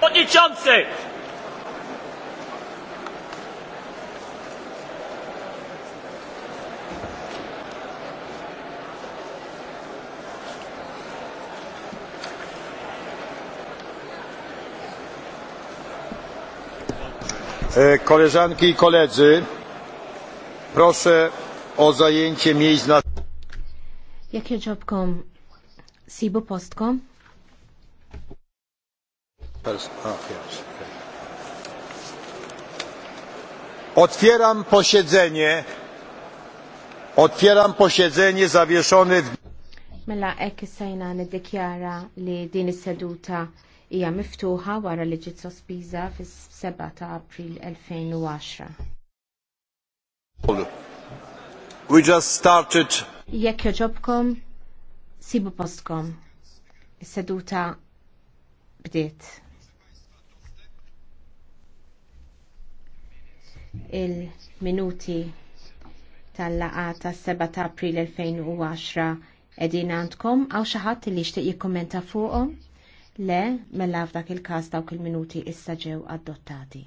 Podniczący! E, koleżanki i koledzy, proszę o zajęcie miejsc na... Jakie jobkom? Sibu postkom? Otwieram posiedzenie. Otwieram posiedzenie zawieszone w... Mela ek sejna niddikjara li din is-seduta hija miftuħa wara li ġiet sospiża fis-7 ta' April 2010. We just started. Jekk joġobkom, sibu postkom. Is-seduta bdiet. il-minuti tal laqgħa tas 7 ta' april 2010 edin għandkom għaw xaħat li xtiq jikkommenta fuqom? Le, mela f'dak il-kas dawk il-minuti issa ġew adottati.